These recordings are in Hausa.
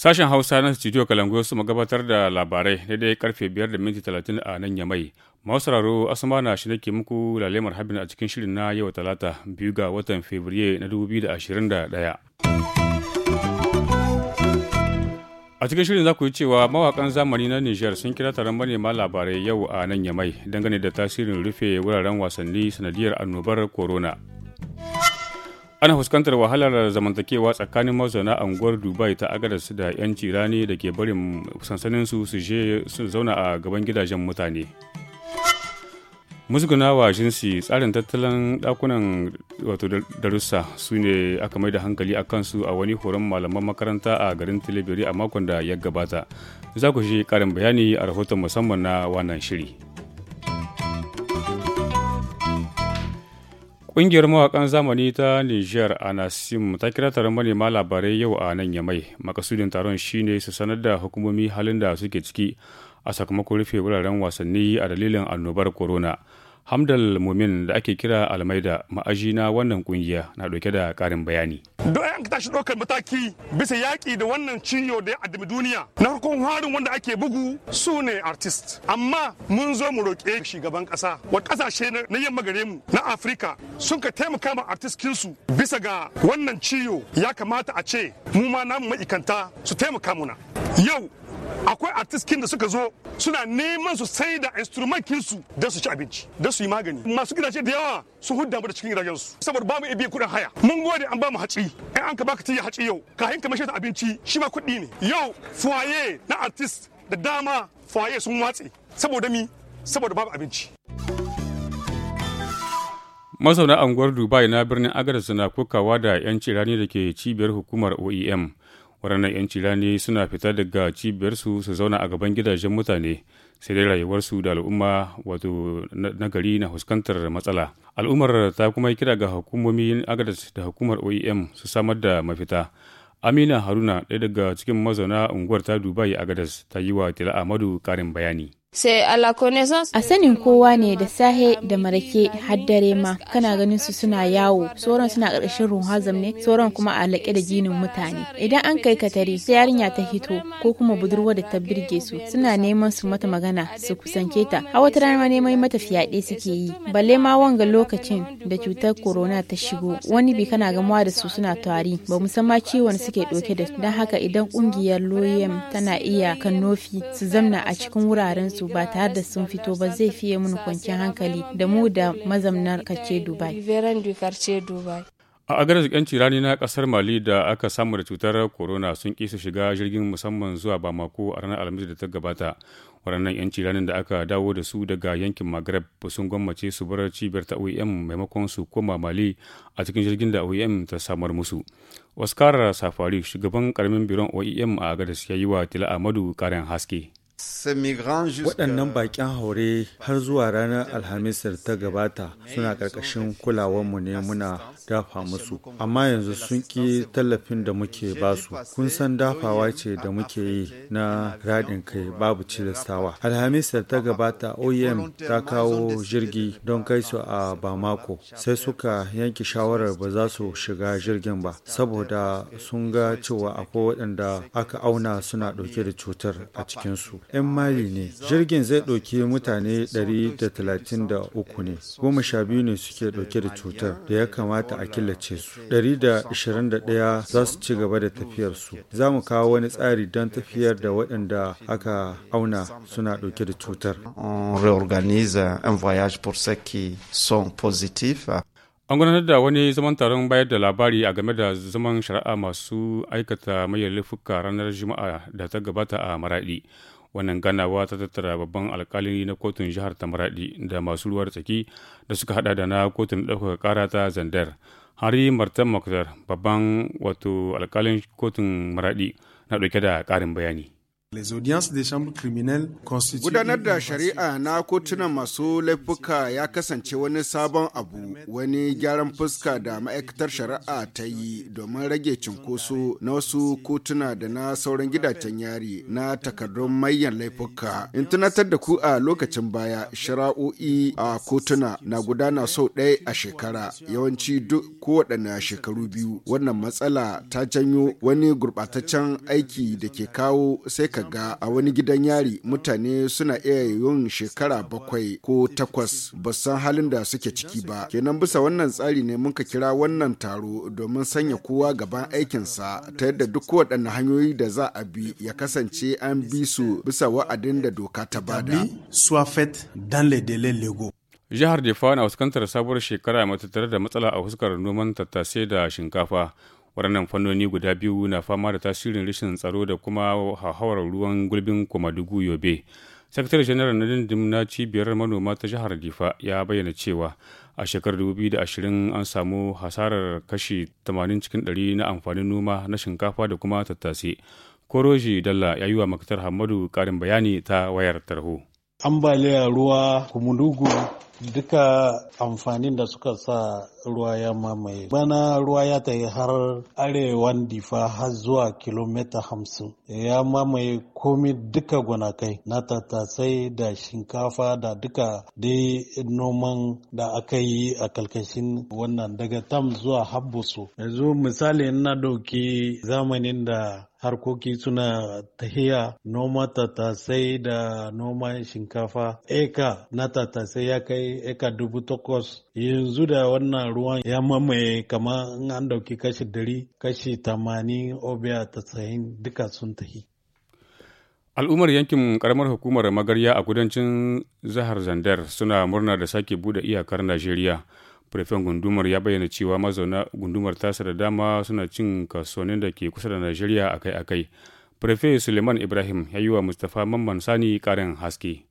Sashen Hausa na studio Kalangu su magabatar da labarai daidai karfe 5 da minti 30 a nan Yamai. Mausararo Asuma na shi nake muku lalemar habin a cikin shirin na yau talata biyu ga watan Fabrairu na 2021. a cikin shirin za ku yi cewa mawakan zamani na niger sun kira taron manema labarai yau a nan yamai dangane da tasirin rufe wuraren wasanni sanadiyar annobar corona ana fuskantar wahalar zamantakewa tsakanin mazauna unguwar dubai ta agadas da 'yan cirani da ke barin sansaninsu su je su zauna a gaban gidajen mutane wa jinsi tsarin tattalin dakunan wato darussa su ne aka mai da hankali a kansu a wani horon malaman makaranta a garin tilibiri a makon da ya gabata za ku shi karin bayani a rahoton musamman na wannan shiri Ƙungiyar mawaƙan zamani ta Niger a Nasim ta kira taron manema labarai yau a nan Yamai. Makasudin taron shine su sanar da hukumomi halin da suke ciki a sakamakon rufe wuraren wasanni a dalilin annobar corona. Hamdal Mumin da ake kira Almaida ma'aji na wannan kungiya na dauke da karin bayani. Don an tashi ɗaukar mataki bisa yaƙi da wannan cinyo da ya duniya na farkon harin wanda ake bugu su ne artist amma mun zo mu roƙe shugaban ƙasa wa ƙasashe na yamma gare mu na Afirka sun ka taimaka ma artist kinsu bisa ga wannan ciyo ya kamata a ce mu ma namu ma'ikanta su taimaka muna. Yau akwai artiskin da suka zo suna neman su sai da instrumentin su da su ci abinci da su yi magani masu gidaje da yawa su hudda mu da cikin gidajen su saboda ba mu iya biyan kuɗin haya mun gode an ba mu haci in an ka baka tiya haci yau ka ka mashi ta abinci shi ma kuɗi ne yau foyer na artist da dama foyer sun watse saboda mi saboda babu abinci mazauna anguwar dubai na birnin agadar suna kokawa da 'yanci rani da ke cibiyar hukumar oem waɗannan 'yan cirani suna fita daga cibiyarsu su zauna a gaban gidajen mutane sai dai rayuwarsu da al'umma wato na gari na fuskantar matsala al'ummar ta kuma yi kira ga hukumomi agadas da hukumar oem su samar da mafita amina haruna ɗaya daga cikin mazauna unguwar ta dubai agadas ta yi wa tila amadu karin bayani sai A sanin kowa ne da sahe da marake haddare ma kana ganin su suna yawo sauran suna ƙarshen ruhazam ne sauran kuma a laƙe da jinin mutane. Idan an kai katari sai yarinya ta hito ko kuma budurwa da ta birge su suna neman su mata magana su kusanke ta. A wata rana neman mata fyaɗe suke yi balle ma wanga lokacin da cutar corona ta shigo wani bi kana gamuwa da su suna tari ba mu musamman ciwon suke ɗauke da su don haka idan ƙungiyar loyem tana iya kannofi su zamna a cikin wuraren su ba tare da sun fito ba zai fiye mun kwanciyar hankali da mu da mazamnar kace Dubai. A agarar yanci rani na kasar Mali da aka samu da cutar corona sun kisa shiga jirgin musamman zuwa Bamako a ranar Alhamis da ta gabata. Waɗannan yanci ranin da aka dawo da su daga yankin Maghreb sun gwammace su bar cibiyar ta OEM maimakon su koma Mali a cikin jirgin da OEM ta samar musu. wasu Oscar Safari, shugaban karamin biron OEM a Agadas ya yi wa Tila Amadu ƙarin haske. Waɗannan baƙin haure har zuwa ranar Alhamisar ta gabata suna ƙarƙashin kulawarmu ne muna dafa musu, amma yanzu sun ƙi tallafin da muke basu. Kun san dafawa ce da muke yi na raɗin kai babu cilastawa. Alhamisar ta gabata OEM ta kawo jirgi don kai su a Bamako, sai suka yanke shawarar ba za su shiga jirgin ba, saboda sun ga cewa akwai waɗanda aka auna suna ɗauke da cutar a cikinsu. 'yan mali ne jirgin zai ɗauki mutane 133 ne goma sha biyu ne suke ɗauke da cutar da ya kamata a killace su 121 za su ci gaba da tafiyar su za mu kawo wani tsari don tafiyar da waɗanda aka auna suna ɗauke da cutar an gudanar da wani zaman taron bayar da labari a game da zaman shari'a masu aikata mayar laifuka ranar juma'a da ta gabata a maraɗi. wannan ganawa ta tattara babban alkali na kotun jihar tamaradi da masu ruwar tsaki da suka hada da na kotun ɗaukaka kara ta zandar hari martan makutar babban wato alkalin kotun maradi na ɗauke da ƙarin bayani Gudanar da shari'a na kotunan masu laifuka ya kasance wani sabon abu wani gyaran fuska da ma'aikatar shari'a ta yi domin rage cunkoso na wasu kotuna da na sauran gidajen yari na takardun mayan laifuka. In tunatar da ku a lokacin baya shari'o'i a kotuna na gudana sau ɗaya a shekara yawanci duk kowaɗanne shekaru biyu. Wannan matsala ta janyo wani gurɓataccen aiki da ke kawo sai ka aka ga a wani gidan yari mutane suna iya yin shekara bakwai ko takwas ba san halin da suke ciki ba kenan bisa wannan tsari ne muka kira wannan taro domin sanya kowa gaban aikinsa ta yadda duk waɗanne hanyoyi da za a bi ya kasance an bi su bisa wa'adin da doka ta bada. Jihar Defa na fuskantar sabuwar shekara mai tattare da matsala a fuskar noman tattasai da shinkafa. waɗannan fannoni guda biyu na fama da tasirin rashin tsaro da kuma hauhawar ruwan gulbin komadugu yobe sakatare janar na dindin na cibiyar manoma ta jihar difa ya bayyana cewa a shekarar 2020 an samu hasarar kashi 80 cikin 100 na amfanin noma na shinkafa da kuma tattase koroji dalla ya yi wa makatar hamadu karin bayani ta wayar tarho ambaliyar ruwa kumudugu duka amfanin da suka sa ruwa ya mamaye bana ruwa ya tafi har arewan difa har zuwa kilomita hamsin ya mamaye komi duka gonakai na tattasai da shinkafa da duka dai noman da aka yi a kalkashin wannan daga tam zuwa habbusu yanzu misali na doki. zamanin da harkoki suna tahiya noma tattasai da noman shinkafa eka na tattasai ya kai eka dubu takwas yanzu da wannan ruwan ya mamaye kama in an dauki kashi dari kashi tamanin obiya tsayin duka sun tahi. al'ummar yankin karamar hukumar magarya a kudancin zahar zandar suna murna da sake bude iyakar najeriya prefen gundumar ya bayyana cewa mazauna gundumar tasa da dama suna cin kasuwannin da ke kusa da najeriya akai-akai prefe suleiman ibrahim ya yi wa mustapha mamman sani karin haske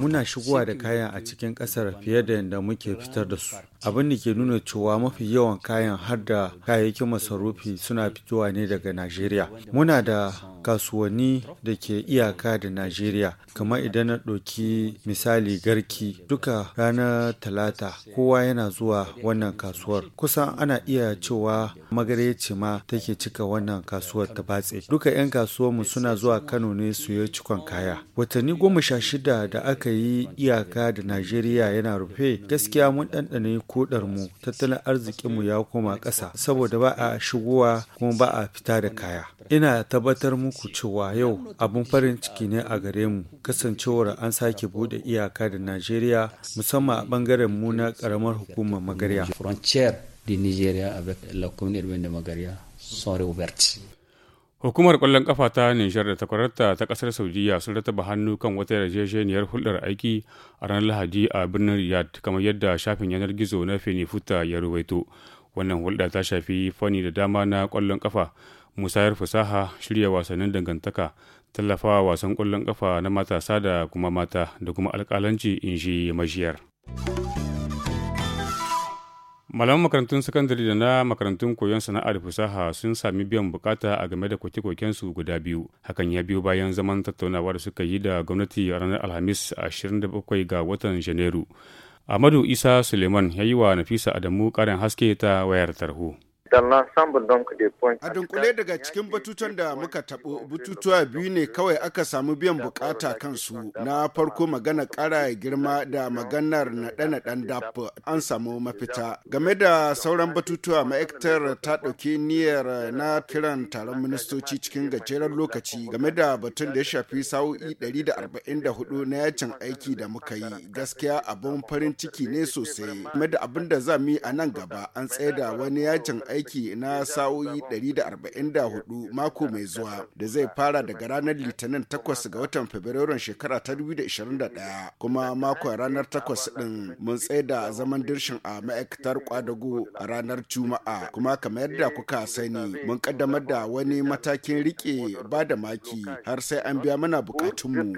Muna shigowa da kayan a cikin ƙasar fiye da yadda muke fitar da su. Abin da ke nuna cewa mafi yawan kayan har da kayayyakin masarufi suna fitowa ne daga Najeriya. Muna da kasuwanni da ke iyaka da Najeriya, kamar idan na ɗauki misali garki duka ranar talata kowa yana zuwa wannan kasuwar. Kusan ana iya cewa magareci ma take cika wannan kasuwar ta batse. Duka 'yan kasuwarmu suna zuwa Kano ne su yi cikon kaya. watanni goma sha shida da aka yi iyaka da najeriya yana rufe gaskiya mun ɗanɗana kodar mu tattalin arzikin mu ya koma ƙasa saboda ba a shigowa kuma ba a fita da kaya ina tabbatar muku cewa yau abin farin ciki ne a gare mu kasancewar an sake bude iyaka da najeriya musamman a bangaren mu na karamar hukumar magarya Hukumar ƙwallon ƙafa ta Nijar da takwararta ta ƙasar Saudiya sun rataba hannu kan wata yarjejeniyar hulɗar aiki a ranar Lahadi a birnin Riyadh kamar yadda shafin yanar gizo na Fenifuta ya ruwaito. Wannan hulɗa ta shafi fanni da dama na ƙwallon ƙafa, musayar fasaha, shirya wasannin dangantaka, tallafawa wasan ƙwallon ƙafa na matasa da kuma mata da kuma alƙalanci in majiyar. malaman makarantun sakandare da na makarantun koyon sana'ar da fasaha sun sami biyan bukata a game da koke-kokensu guda biyu hakan ya biyo bayan zaman tattaunawa da suka yi da gwamnati a ranar alhamis 27 ga watan janairu ahmadu isa suleiman ya yi wa nafisa adamu karin haske ta wayar tarho A dunkule daga cikin batutuwan da muka taɓo, batutuwa biyu ne kawai aka samu biyan bukata kansu na farko magana ƙara girma da maganar naɗe-naɗen DAP an samu mafita. Game da sauran batutuwa ma'aikatar ta ɗauki niyyar na kiran taron ministoci cikin gajeren lokaci game da batun da ya shafi sa'o'i 144 na yacin aiki da muka yi. Gaskiya abun farin ciki ne sosai. Game da abin da za mu yi a nan gaba an tsaye da wani yacin aiki aiki na sa'o'i 144 mako mai zuwa da zai fara daga ranar Litinin 8 ga watan Fabrairun shekara ta 2021 kuma makon ranar 8 din mun da zaman dirshin a ma'aikatar kwadago a ranar Juma'a kuma kamar yadda kuka sani mun kaddamar da wani matakin rike ba da maki har sai an biya mana bukatunmu.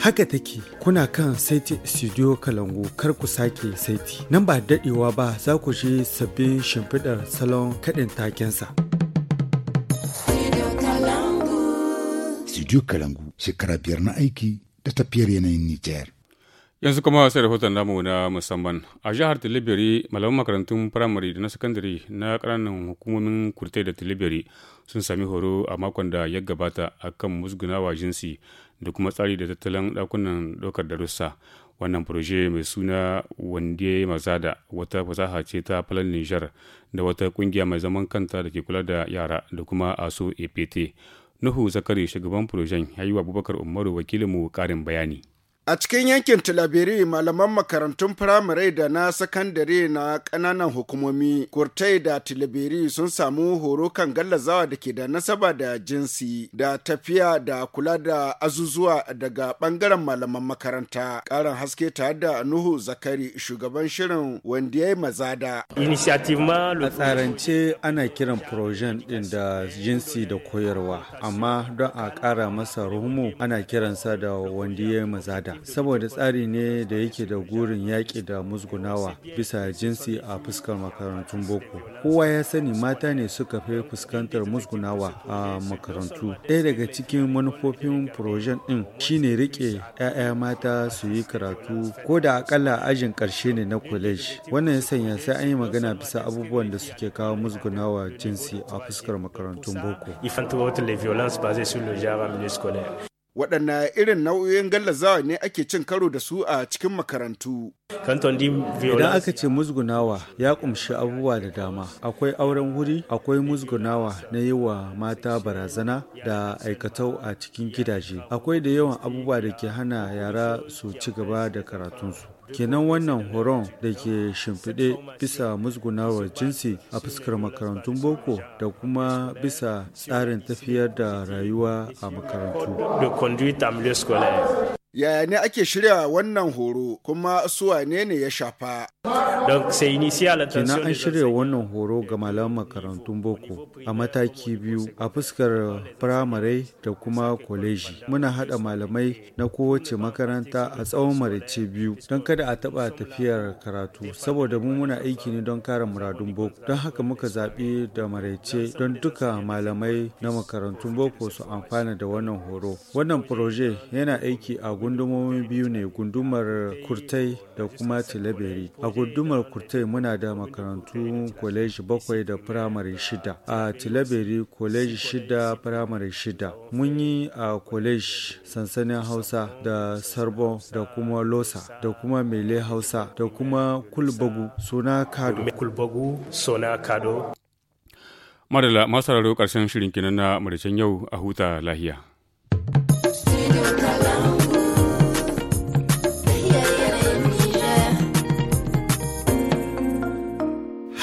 haka take kuna kan saiti studio kalangu kar ku sake saiti nan ba dadewa ba za ku je sabbin shimfiɗar salon kaɗin takensa. studio kalangu shekara biyar na aiki da tafiyar yanayin nijar yanzu kuma sai rahoton namu na musamman a jihar tilibiri malaman makarantun firamare da na sakandare na ƙananan hukumomin kurtai da tilibiri sun sami horo a makon da ya gabata akan musgunawa jinsi da kuma tsari da tattalin ɗakunan ɗaukar darussa wannan proje mai suna wande mazada wata fasaha ce ta falon nijar da wata kungiya mai zaman kanta da ke kula da yara da kuma aso apt nuhu zakari shugaban projen ya yi abubakar umaru wakilinmu karin bayani A cikin yankin Tilaberi malaman makarantun firamare da na sakandare na ƙananan hukumomi, Kurtai da Tilaberi sun samu horo kan gallazawa da ke da nasaba da jinsi da tafiya da kula da azuzuwa daga ɓangaren malaman makaranta. Ƙarin haske tare da Nuhu Zakari shugaban shirin wanda ya yi mazada. A tsarance ana kiran projen ɗin da jinsi da koyarwa, amma don a ƙara masa ruhumu ana kiransa da wanda ya yi mazada. saboda tsari ne da yake da gurin yaƙi da musgunawa bisa jinsi a fuskar makarantun boko kowa ya sani mata ne suka fi fuskantar musgunawa a makarantu ɗaya daga cikin manufofin projen ɗin shine rike 'ya'ya mata su yi karatu ko da akalla ajin ƙarshe ne na kwaleji wannan ya sanya sai an yi magana bisa abubuwan da suke kawo musgunawa jinsi a fuskar makarantun boko waɗanne irin nau'o'in gallazawa ne ake cin karo da su a cikin makarantu. Idan aka ce musgunawa ya kumshi abubuwa da dama, akwai auren wuri, akwai musgunawa na yi wa mata barazana da aikatau a cikin gidaje, akwai da yawan abubuwa da ke hana yara su ci gaba da karatunsu. kenan wannan horon da ke shimfiɗe bisa musgunawar jinsi a fuskar makarantun boko da kuma bisa tsarin tafiyar da rayuwa a makarantu yaya ne ake shirya wannan horo kuma su wane ne ya shafa Kina an shirya wannan horo ga malaman makarantun boko a mataki biyu a fuskar firamare da kuma kwaleji muna hada malamai na kowace makaranta a tsawon marace biyu don kada a taba tafiyar karatu saboda mu muna aiki ne don kare muradun boko don haka muka zaɓi da marace don duka malamai na makarantun boko su amfana da wannan horo wannan yana aiki a gundumomi biyu ne gundumar kurtai da kuma tilaberi a gundumar kurtai muna da makarantu kwaleji bakwai da firamare shida a tilaberi kwaleji shida firamare shida mun yi a kwaleji sansanin hausa da sarbo da kuma losa da kuma mele hausa da kuma kulbagu suna kado madala masu sauraro karshen shirin kinan na maricen yau a huta lahiya